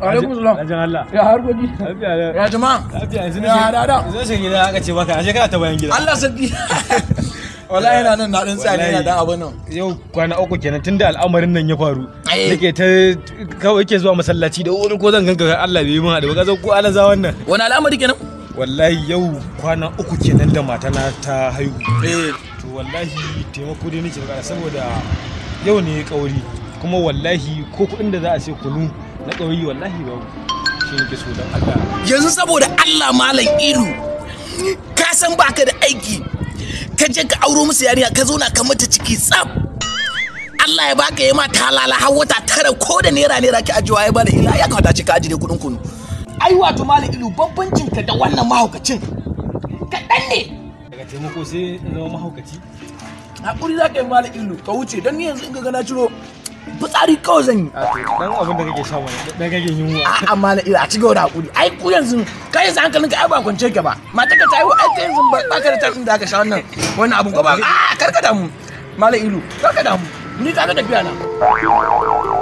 alaikum salam ajin Allah ya harkoki ya jama'a ya dada zai shi gida aka ce baka ashe kana ta bayan gida Allah sabbi wallahi yana nan na dan tsani yana da abun nan yau kwana uku kenan tunda al'amarin nan ya faru nake ta kawai yake zuwa masallaci da wani ko zan ganka Allah bai yi min da baka zo ko za wannan wani al'amari kenan wallahi yau kwana uku kenan da matana ta haihu eh. to wallahi taimako dai nake bukata saboda yau ne kauri kuma wallahi ko kuɗin da za a ce kunu na ƙauyi wallahi babu shi nake so don Allah yanzu saboda Allah malam ido ka san baka da aiki ka je ka auro musu yarinya ka zauna ka mata ciki tsaf Allah ya baka ya ta talala har wata tara ko da naira naira ki ajiwa ya bada ila ya kamata ci ka ajiye kudin kunu ai wato malam ido bambancin ka da wannan mahaukacin kaɗan ne daga taimako sai na mahaukaci hakuri za ka yi malam ido ka wuce don ni yanzu in ka gana ciro fitsari kawai zan yi dan abin da kake sha wani dan kake yunwa a amma na ila a ci gaba da hakuri ai ku yanzu ka yanzu hankalin ka ai ba kwance ka ba mata ka tayi ai ka yanzu ba ka da tafin da aka sha wannan wannan abun ko ba a karka damu malam ilu karka damu ni ta ga tafiya na